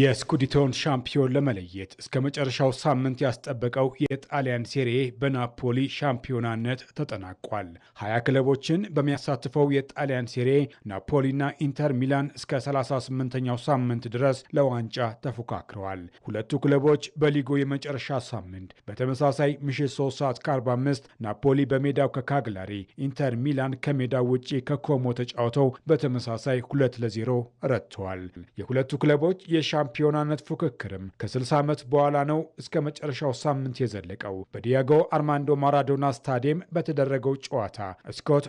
የስኩዲቶን ሻምፒዮን ለመለየት እስከ መጨረሻው ሳምንት ያስጠበቀው የጣሊያን ሴሬ በናፖሊ ሻምፒዮናነት ተጠናቋል። ሀያ ክለቦችን በሚያሳትፈው የጣሊያን ሴሬ ናፖሊና ኢንተር ሚላን እስከ 38ኛው ሳምንት ድረስ ለዋንጫ ተፎካክረዋል። ሁለቱ ክለቦች በሊጉ የመጨረሻ ሳምንት በተመሳሳይ ምሽት 3 ሰዓት ከ45 ናፖሊ በሜዳው ከካግላሪ፣ ኢንተር ሚላን ከሜዳው ውጪ ከኮሞ ተጫውተው በተመሳሳይ 2 ለ0 ረትተዋል። የሁለቱ ክለቦች የሻ የሻምፒዮናነት ፉክክርም ከ60 ዓመት በኋላ ነው እስከ መጨረሻው ሳምንት የዘለቀው። በዲያጎ አርማንዶ ማራዶና ስታዲየም በተደረገው ጨዋታ ስኮት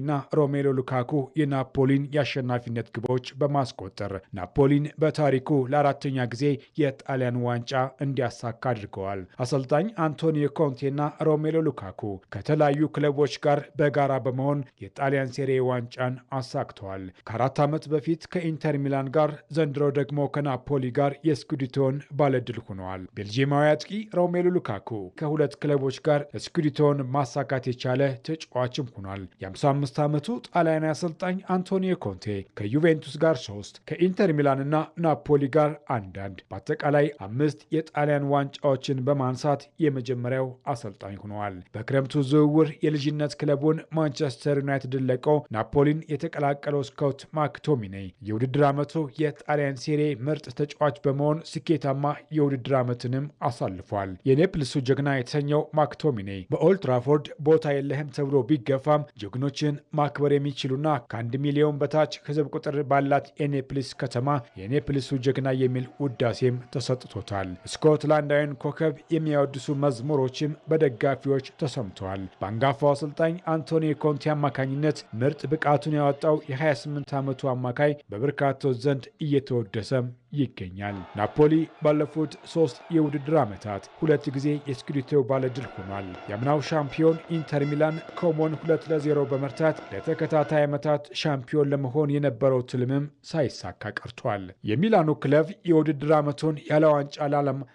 እና ሮሜሎ ሉካኩ የናፖሊን የአሸናፊነት ግቦች በማስቆጠር ናፖሊን በታሪኩ ለአራተኛ ጊዜ የጣሊያን ዋንጫ እንዲያሳካ አድርገዋል። አሰልጣኝ አንቶኒዮ ኮንቴና ሮሜሎ ሉካኩ ከተለያዩ ክለቦች ጋር በጋራ በመሆን የጣሊያን ሴሬ ዋንጫን አሳክተዋል። ከአራት ዓመት በፊት ከኢንተር ሚላን ጋር ዘንድሮ ደግሞ ከና ናፖሊ ጋር የስኩዲቶን ባለድል ሆነዋል። ቤልጂማዊ አጥቂ ሮሜሉ ሉካኩ ከሁለት ክለቦች ጋር ስኩዲቶን ማሳካት የቻለ ተጫዋችም ሆኗል። የ55 ዓመቱ ጣሊያናዊ አሰልጣኝ አንቶኒዮ ኮንቴ ከዩቬንቱስ ጋር ሶስት ከኢንተር ሚላንና ናፖሊ ጋር አንዳንድ በአጠቃላይ አምስት የጣሊያን ዋንጫዎችን በማንሳት የመጀመሪያው አሰልጣኝ ሆነዋል። በክረምቱ ዝውውር የልጅነት ክለቡን ማንቸስተር ዩናይትድን ለቀው ናፖሊን የተቀላቀለው ስኮት ማክቶሚኔ የውድድር ዓመቱ የጣሊያን ሴሬ ምር ምርጥ ተጫዋች በመሆን ስኬታማ የውድድር ዓመትንም አሳልፏል። የኔፕልሱ ጀግና የተሰኘው ማክቶሚኔ በኦልትራፎርድ ቦታ የለህም ተብሎ ቢገፋም ጀግኖችን ማክበር የሚችሉና ከአንድ ሚሊዮን በታች ሕዝብ ቁጥር ባላት የኔፕልስ ከተማ የኔፕልሱ ጀግና የሚል ውዳሴም ተሰጥቶታል። ስኮትላንዳዊን ኮከብ የሚያወድሱ መዝሙሮችም በደጋፊዎች ተሰምተዋል። በአንጋፋው አሰልጣኝ አንቶኒ ኮንቲ አማካኝነት ምርጥ ብቃቱን ያወጣው የ28 ዓመቱ አማካይ በበርካቶች ዘንድ እየተወደሰም ይገኛል። ናፖሊ ባለፉት ሶስት የውድድር ዓመታት ሁለት ጊዜ የስኩዴቶው ባለድል ሆኗል። የምናው ሻምፒዮን ኢንተር ሚላን ኮሞን ሁለት ለዜሮ በመርታት ለተከታታይ ዓመታት ሻምፒዮን ለመሆን የነበረው ትልምም ሳይሳካ ቀርቷል። የሚላኑ ክለብ የውድድር ዓመቱን ያለ ዋንጫ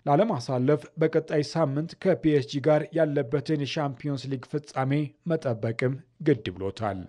ላለማሳለፍ በቀጣይ ሳምንት ከፒኤስጂ ጋር ያለበትን የሻምፒዮንስ ሊግ ፍጻሜ መጠበቅም ግድ ብሎታል።